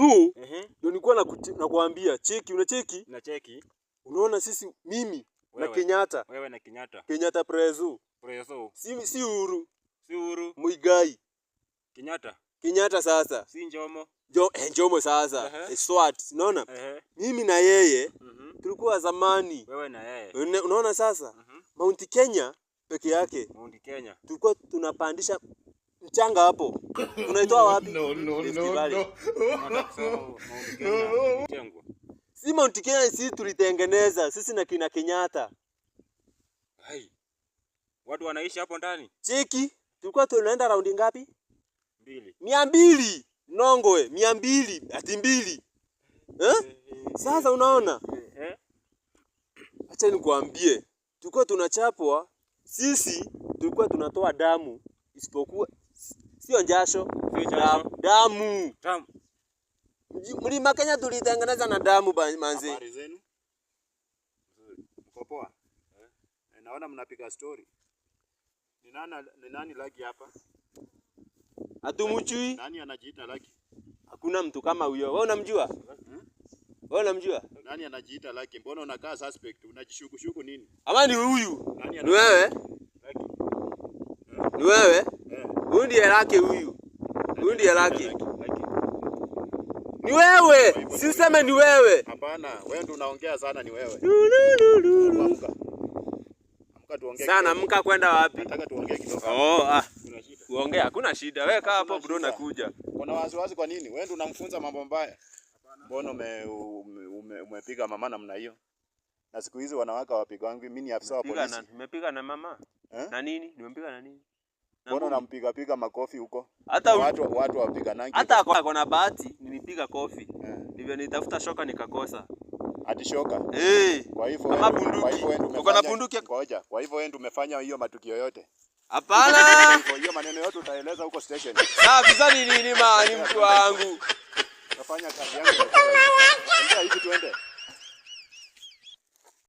huu uh mhm. -huh. Ndio nilikuwa nakuambia, cheki, una cheki na cheki, unaona sisi, mimi wewe, na Kenyatta wewe na Kenyatta, Kenyatta prezu prezu, si si Uhuru si Uhuru, Muigai Kenyatta Kenyatta, sasa si Njomo jo, eh, Njomo sasa uh eh, -huh. Swat, unaona uh -huh. mimi na yeye uh mhm. -huh. tulikuwa zamani, wewe na yeye, unaona sasa uh mhm. -huh. Mount Kenya peke yake Mount Kenya tulikuwa tunapandisha mchanga hapo. Unaitoa wapi? No, no, no, no. Si Mount Kenya si tulitengeneza sisi na kina Kenyatta. Hai. Watu wanaishi hapo ndani. Cheki, tulikuwa tunaenda raundi ngapi? Mbili. Mia mbili. Nongwe, mia mbili, ati mbili. Eh? Sasa unaona? Acha nikuambie. Tulikuwa tunachapwa sisi tulikuwa tunatoa damu isipokuwa sio jasho, damu, damu. Damu. Mlima Kenya tulitengeneza na damu manzi. Habari zenu? Mko poa? Eh? eh naona mnapiga story. Ni nani ni nani lagi hapa? Atumuchui? Nani anajiita lagi? Hakuna mtu kama huyo. Wewe unamjua? Hmm? Wewe unamjua? Nani anajiita lagi? Mbona unakaa suspect? Unajishukushuku nini? Ama ni huyu? Ni wewe? Ni wewe? Huyu ndiye lake huyu. Huyu ndiye lake. Ni wewe, si useme ni wewe. Hapana, wewe ndio unaongea sana ni wewe. Amka tuongee. Sana amka kwenda wapi? Nataka tuongee kidogo. Oh, ah. Kuongea hakuna shida. Wewe kaa hapo bro nakuja. Kuna wazi kwa nini? Wewe ndio unamfunza mambo mbaya. Mbona ume umepiga mama namna hiyo? Na siku hizi wanawake wapigwa. Mimi ni afisa wa polisi. Nimepiga na mama. Eh? Na nini? Nimepiga na nini? Mbona unampiga piga makofi huko? Hata watu watu wapiga nangi. Hata ako na bahati nilipiga kofi. Eh. Ndivyo nitafuta shoka nikakosa. Ati shoka? Eh. Hey. Kwa hivyo wewe kwa hivyo wewe uko na bunduki. Ngoja. Kwa hivyo wewe umefanya hiyo matukio yote. Hapana. Kwa hiyo maneno yote utaeleza huko station. Ah, kisa ni ni ni mtu wangu. Nafanya kazi yangu. Ndio hivi tuende.